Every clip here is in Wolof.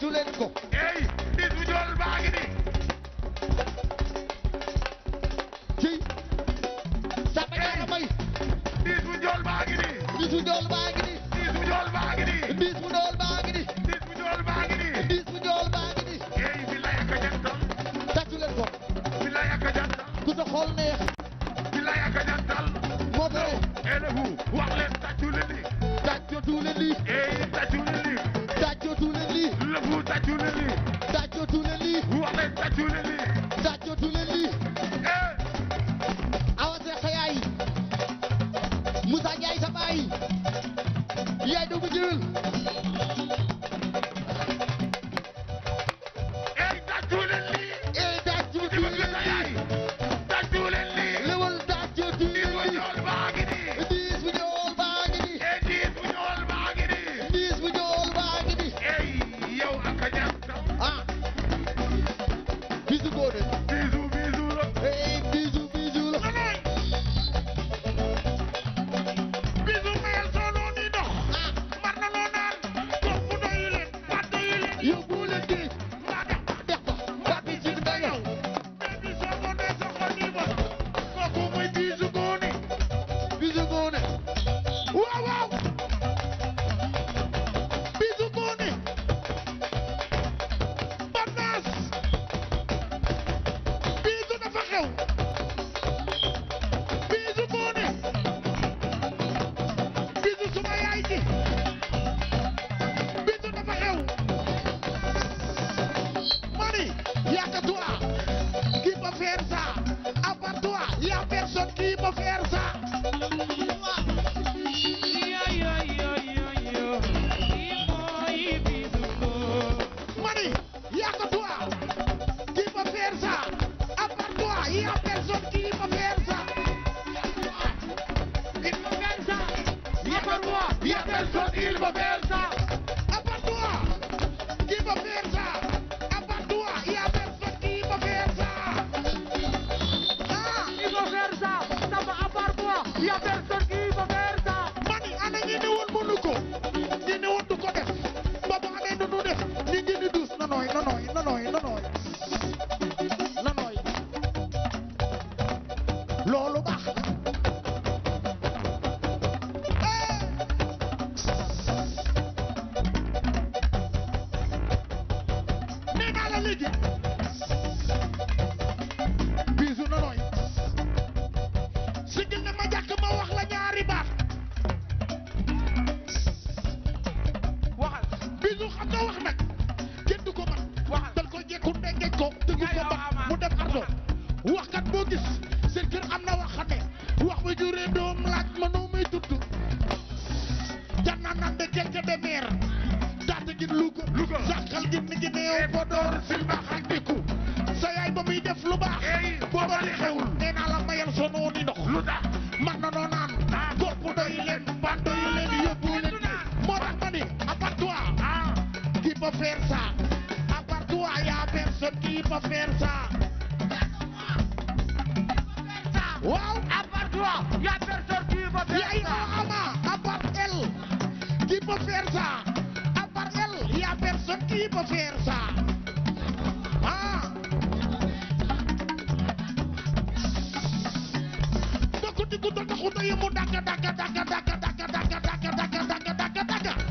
tu leen ko. ey bis bu jool baa ngi nii. ci. Samba Diarra Faye. bis bu jool baa ngi nii. bis bu jool baa ngi nii. bis bu jool baa ngi nii. bis bu jool baa ngi nii. bis bu jool baa ngi nii. bis bu jool baa ngi nii. ey billaay ak a jantal. tàccu leen ko. billaay ak a jantal. ku sa xool neex. billaay ak a jantal. moo tax. elefu wax leen tàccu leen lii. tàccu leen lii. ey tàccu leen tàccootu leen lii. wax leen tàccu leen lii. tàccootu leen lii. Eh. yaay. Moussa yaay dugg jiwil. recorded. Sakande Keke Demeer Tataguine Louga gi ni ngi néew Podor Silbax ak sa yaay ba muy def lu baax booba li xewul nee soo noonu ni lu tax man na noo naan ah. góor bu leen mbaan leen ah. yóbbu leen moo ma ni à part toi ah. qui peut faire ça à a personne qui peut faire ça peut faire ça. À part elle, il n'y a personne qui peut faire ça. Ah. dëkk di guddal taxu na yemu dagga dagga dagga dagga dagga dagga dagga dagga dagga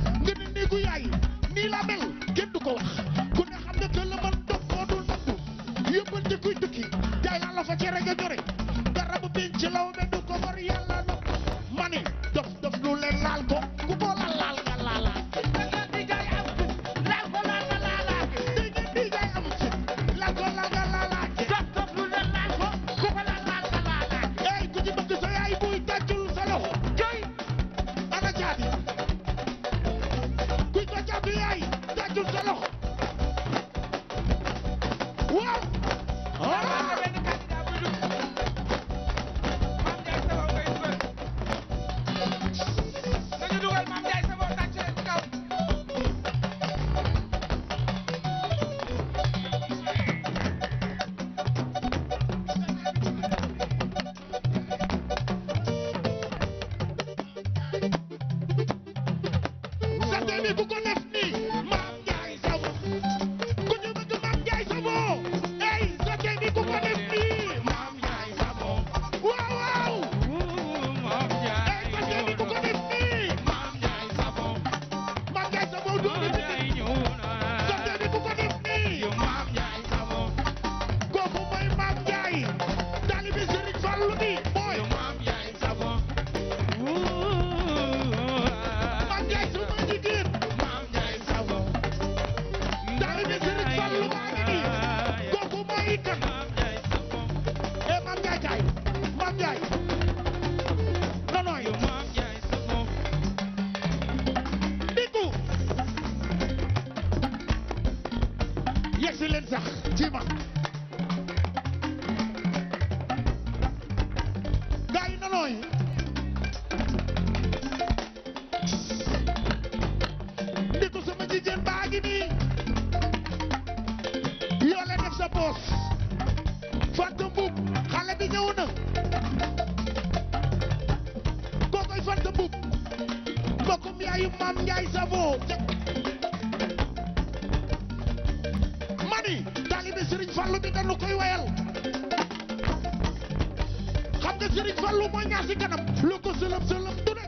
xam nga Serigne mooy ñaar si kanam lu ko sëlëm sëlëm du ne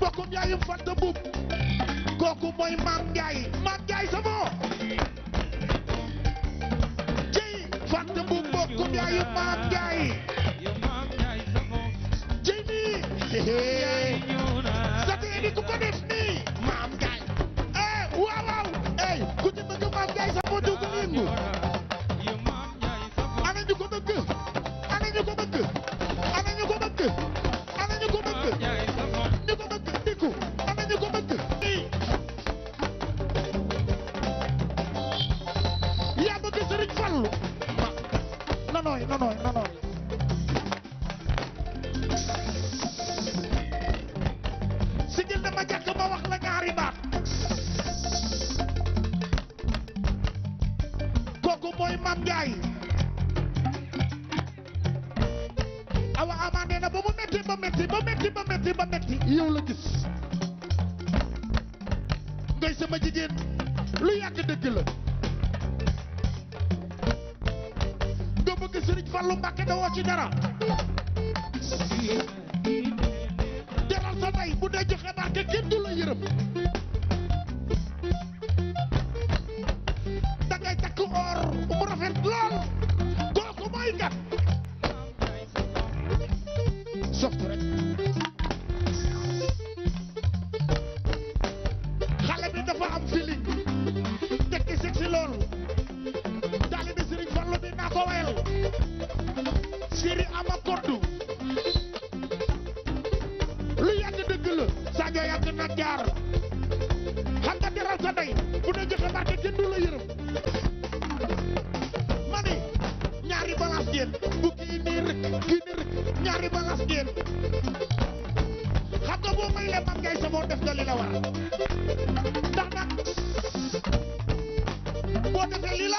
bokkum yaayum fanta buub kooku mooy Maam Ndiaye Maam Ndiaye sa moo jëy fanta bokkum yaayum Maam Ndiaye jëy nii satee ni ku ko def nii Maam Ndiaye ee eh, waaw waaw eh, ku ci bëgg Maam Ndiaye sa moo dugg nii ana ñu ko bëgg ba metti ba metti ba metti yow la gis ngay sama jigéen lu yàgg dëgg la nga bëgg Sëriñ Fallu Mbàkke da woo ci dara jaral sa ndey bu dee joxe barke kenn du la yërëm ndax nag boo defee lii la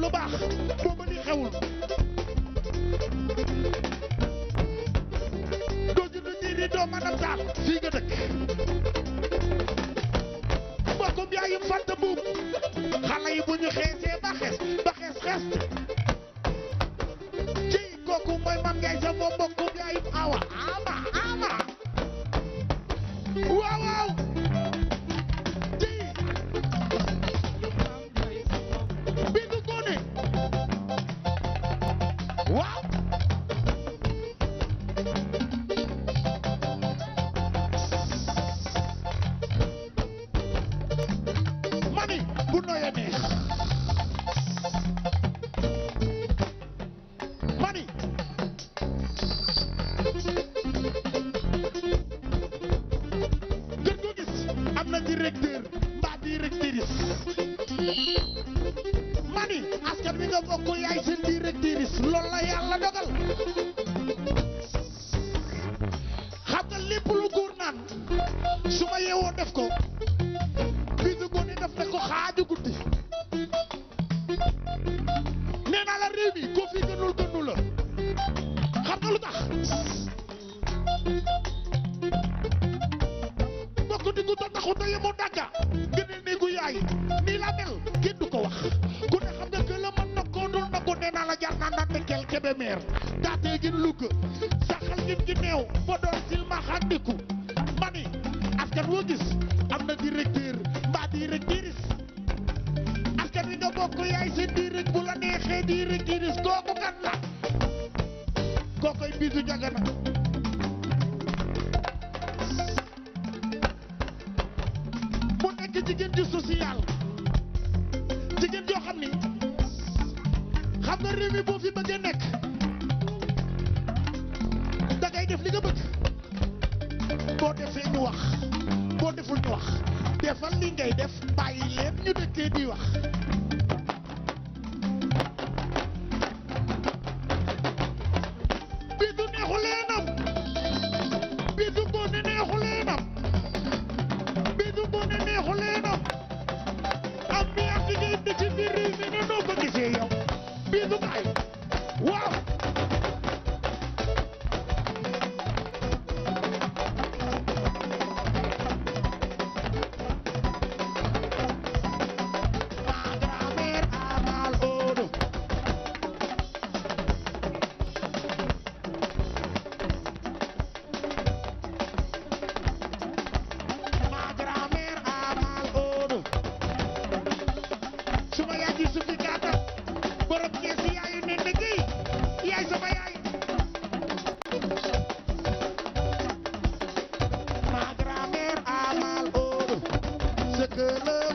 lu baax booba li xewul doo judd ñii di doo mën a dëkk mbokkum yaayum fanta buub xale bu ñu xeesee ba xees ba xees xees ci kooku mooy mam sa moom mbokkum yaayum awa ama waaw soppiku ma ni askan woo gis kooku kan la jagana boo defee ñu wax boo deful ñu wax defal li ngay def bàyyi leen ñu dëkkee di wax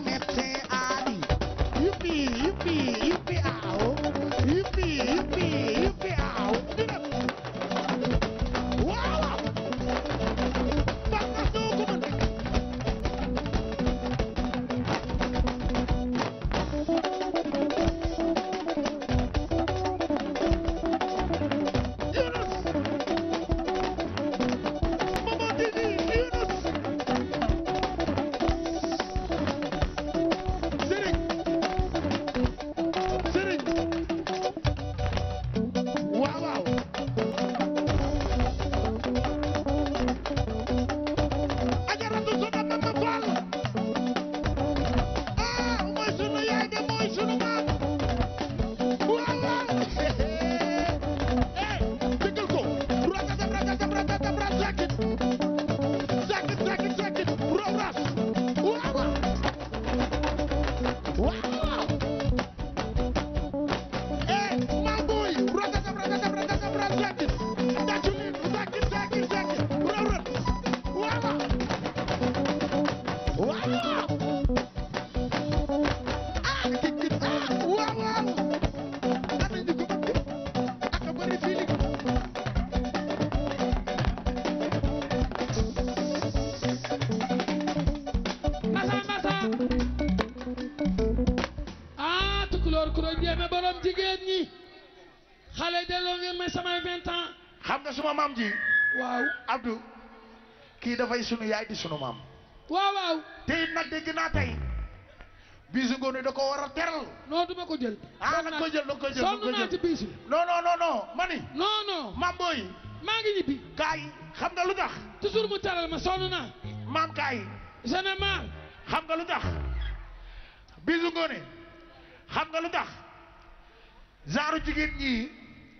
que le xale delloo ngeen may samay vingt ans. xam nga suma maam ji. waaw Abdou. kii dafay sunu yaay di sunu maam. waaw waaw. te it nag dégg naa tey. bisu ngoone da ko war a teral. non du ko jël. ah naa ci bisu. non non non mani. non non maam booy. maa ngi ñibbi. kaay xam nga lu tax. toujours mu teral ma sonn naa. maam kaay. général. xam nga lu tax. bisu ngoone. xam nga lu tax. zaaru jigéen ñi.